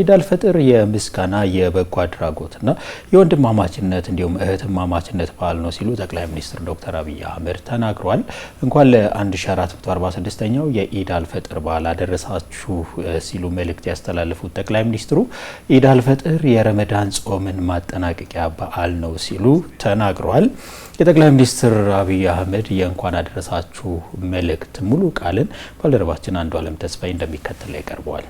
ኢዳል አልፈጥር የምስጋና የበጎ አድራጎትና የወንድማማችነት እንዲሁም እህትማማችነት በዓል ነው ሲሉ ጠቅላይ ሚኒስትር ዶክተር አብይ አህመድ ተናግሯል። እንኳን ለ1446ኛው የኢዳል አልፈጥር በዓል አደረሳችሁ ሲሉ መልእክት ያስተላለፉት ጠቅላይ ሚኒስትሩ ኢዳል ፈጥር የረመዳን ጾምን ማጠናቀቂያ በዓል ነው ሲሉ ተናግሯል። የጠቅላይ ሚኒስትር አብይ አህመድ የእንኳን አደረሳችሁ መልእክት ሙሉ ቃልን ባልደረባችን አንዱ አለም ተስፋዬ እንደሚከተለው ያቀርበዋል።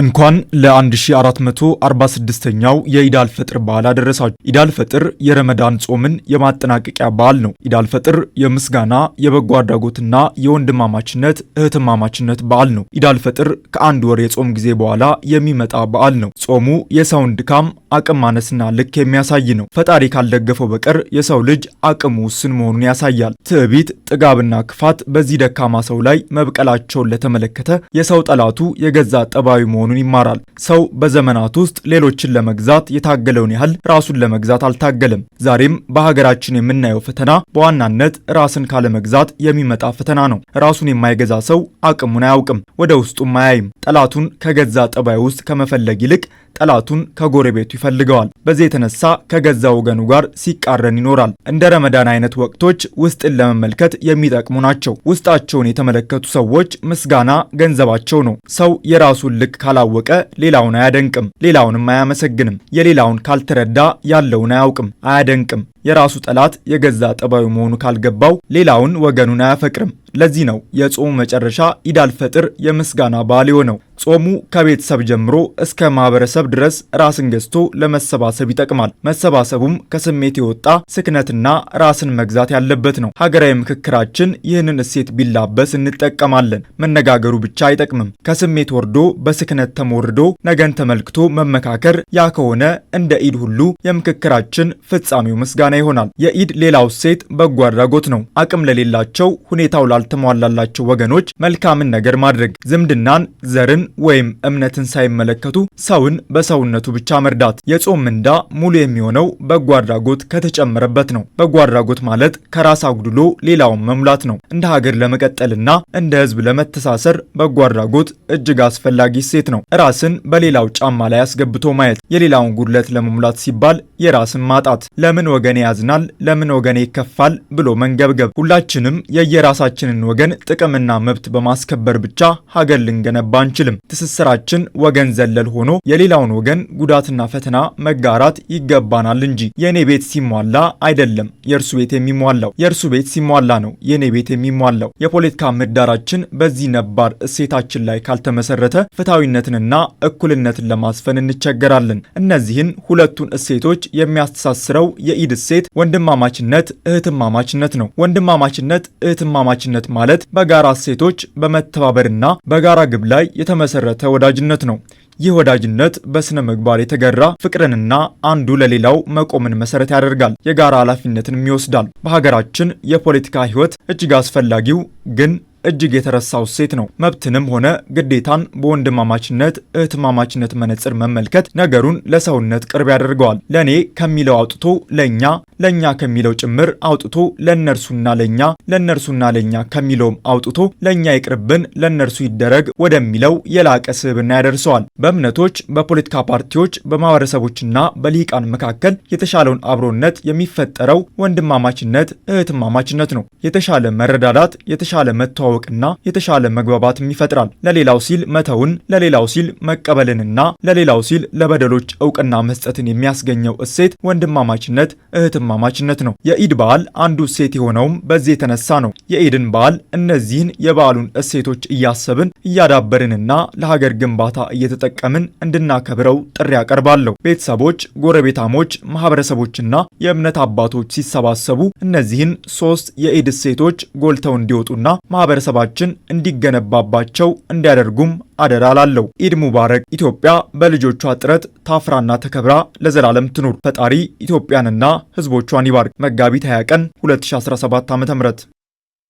እንኳን ለ1446ኛው የኢዳል ፈጥር በዓል አደረሳችሁ። ኢዳል ፈጥር የረመዳን ጾምን የማጠናቀቂያ በዓል ነው። ኢዳል ፈጥር የምስጋና የበጎ አድራጎትና የወንድማማችነት እህትማማችነት በዓል ነው። ኢዳል ፈጥር ከአንድ ወር የጾም ጊዜ በኋላ የሚመጣ በዓል ነው። ጾሙ የሰውን ድካም አቅም ማነስና ልክ የሚያሳይ ነው። ፈጣሪ ካልደገፈው በቀር የሰው ልጅ አቅሙ ውስን መሆኑን ያሳያል። ትዕቢት፣ ጥጋብና ክፋት በዚህ ደካማ ሰው ላይ መብቀላቸውን ለተመለከተ የሰው ጠላቱ የገዛ ጠባዩ መሆኑን ይማራል። ሰው በዘመናት ውስጥ ሌሎችን ለመግዛት የታገለውን ያህል ራሱን ለመግዛት አልታገለም። ዛሬም በሀገራችን የምናየው ፈተና በዋናነት ራስን ካለመግዛት የሚመጣ ፈተና ነው። ራሱን የማይገዛ ሰው አቅሙን አያውቅም፣ ወደ ውስጡም አያይም። ጠላቱን ከገዛ ጠባይ ውስጥ ከመፈለግ ይልቅ ጠላቱን ከጎረቤቱ ይፈልገዋል። በዚህ የተነሳ ከገዛ ወገኑ ጋር ሲቃረን ይኖራል። እንደ ረመዳን አይነት ወቅቶች ውስጥን ለመመልከት የሚጠቅሙ ናቸው። ውስጣቸውን የተመለከቱ ሰዎች ምስጋና ገንዘባቸው ነው። ሰው የራሱን ልክ ካላወቀ ሌላውን አያደንቅም፣ ሌላውንም አያመሰግንም። የሌላውን ካልተረዳ ያለውን አያውቅም፣ አያደንቅም። የራሱ ጠላት የገዛ ጠባዩ መሆኑ ካልገባው ሌላውን ወገኑን አያፈቅርም። ለዚህ ነው የጾሙ መጨረሻ ኢዳል ፈጥር የምስጋና በዓል የሆነው። ጾሙ ከቤተሰብ ጀምሮ እስከ ማህበረሰብ ድረስ ራስን ገዝቶ ለመሰባሰብ ይጠቅማል። መሰባሰቡም ከስሜት የወጣ ስክነትና ራስን መግዛት ያለበት ነው። ሀገራዊ ምክክራችን ይህንን እሴት ቢላበስ እንጠቀማለን። መነጋገሩ ብቻ አይጠቅምም። ከስሜት ወርዶ በስክነት ተሞርዶ ነገን ተመልክቶ መመካከር፣ ያ ከሆነ እንደ ኢድ ሁሉ የምክክራችን ፍጻሜው ምስጋና ይሆናል። የኢድ ሌላው እሴት በጎ አድራጎት ነው። አቅም ለሌላቸው፣ ሁኔታው ላልተሟላላቸው ወገኖች መልካምን ነገር ማድረግ ዝምድናን፣ ዘርን ወይም እምነትን ሳይመለከቱ ሰውን በሰውነቱ ብቻ መርዳት። የጾም ምንዳ ሙሉ የሚሆነው በጎ አድራጎት ከተጨመረበት ነው። በጎ አድራጎት ማለት ከራስ አጉድሎ ሌላውን መሙላት ነው። እንደ ሀገር ለመቀጠልና እንደ ህዝብ ለመተሳሰር በጎ አድራጎት እጅግ አስፈላጊ ሴት ነው። ራስን በሌላው ጫማ ላይ አስገብቶ ማየት፣ የሌላውን ጉድለት ለመሙላት ሲባል የራስን ማጣት፣ ለምን ወገኔ ያዝናል፣ ለምን ወገኔ ይከፋል ብሎ መንገብገብ። ሁላችንም የየራሳችንን ወገን ጥቅምና መብት በማስከበር ብቻ ሀገር ልንገነባ አንችልም። ትስስራችን ወገን ዘለል ሆኖ የሌላውን ወገን ጉዳትና ፈተና መጋራት ይገባናል እንጂ የእኔ ቤት ሲሟላ አይደለም የእርሱ ቤት የሚሟላው፣ የእርሱ ቤት ሲሟላ ነው የእኔ ቤት የሚሟላው። የፖለቲካ ምህዳራችን በዚህ ነባር እሴታችን ላይ ካልተመሰረተ ፍትሐዊነትንና እኩልነትን ለማስፈን እንቸገራለን። እነዚህን ሁለቱን እሴቶች የሚያስተሳስረው የኢድ እሴት ወንድማማችነት፣ እህትማማችነት ነው። ወንድማማችነት፣ እህትማማችነት ማለት በጋራ እሴቶች በመተባበርና በጋራ ግብ ላይ የተመ የተመሰረተ ወዳጅነት ነው። ይህ ወዳጅነት በስነ ምግባር የተገራ ፍቅርንና አንዱ ለሌላው መቆምን መሰረት ያደርጋል፣ የጋራ ኃላፊነትንም ይወስዳል። በሀገራችን የፖለቲካ ህይወት እጅግ አስፈላጊው ግን እጅግ የተረሳው ሴት ነው። መብትንም ሆነ ግዴታን በወንድማማችነት እህትማማችነት መነጽር መመልከት ነገሩን ለሰውነት ቅርብ ያደርገዋል። ለእኔ ከሚለው አውጥቶ ለእኛ፣ ለእኛ ከሚለው ጭምር አውጥቶ ለእነርሱና ለእኛ፣ ለእነርሱና ለእኛ ከሚለውም አውጥቶ ለእኛ ይቅርብን ለእነርሱ ይደረግ ወደሚለው የላቀ ስብዕና ያደርሰዋል። በእምነቶች፣ በፖለቲካ ፓርቲዎች፣ በማህበረሰቦችና በልሂቃን መካከል የተሻለውን አብሮነት የሚፈጠረው ወንድማማችነት እህትማማችነት ነው። የተሻለ መረዳዳት፣ የተሻለ መተዋ መተዋወቅና የተሻለ መግባባትም ይፈጥራል። ለሌላው ሲል መተውን፣ ለሌላው ሲል መቀበልንና ለሌላው ሲል ለበደሎች እውቅና መስጠትን የሚያስገኘው እሴት ወንድማማችነት፣ እህትማማችነት ነው። የኢድ በዓል አንዱ እሴት የሆነውም በዚህ የተነሳ ነው። የኢድን በዓል እነዚህን የበዓሉን እሴቶች እያሰብን እያዳበርንና ለሀገር ግንባታ እየተጠቀምን እንድናከብረው ጥሪ ያቀርባለሁ። ቤተሰቦች፣ ጎረቤታሞች፣ ማህበረሰቦችና የእምነት አባቶች ሲሰባሰቡ እነዚህን ሶስት የኢድ እሴቶች ጎልተው እንዲወጡና ማህበረ ማህበረሰባችን እንዲገነባባቸው እንዲያደርጉም አደራ ላለው ኢድ ሙባረክ። ኢትዮጵያ በልጆቿ ጥረት ታፍራና ተከብራ ለዘላለም ትኑር። ፈጣሪ ኢትዮጵያንና ሕዝቦቿን ይባርክ። መጋቢት 20 ቀን 2017 ዓ.ም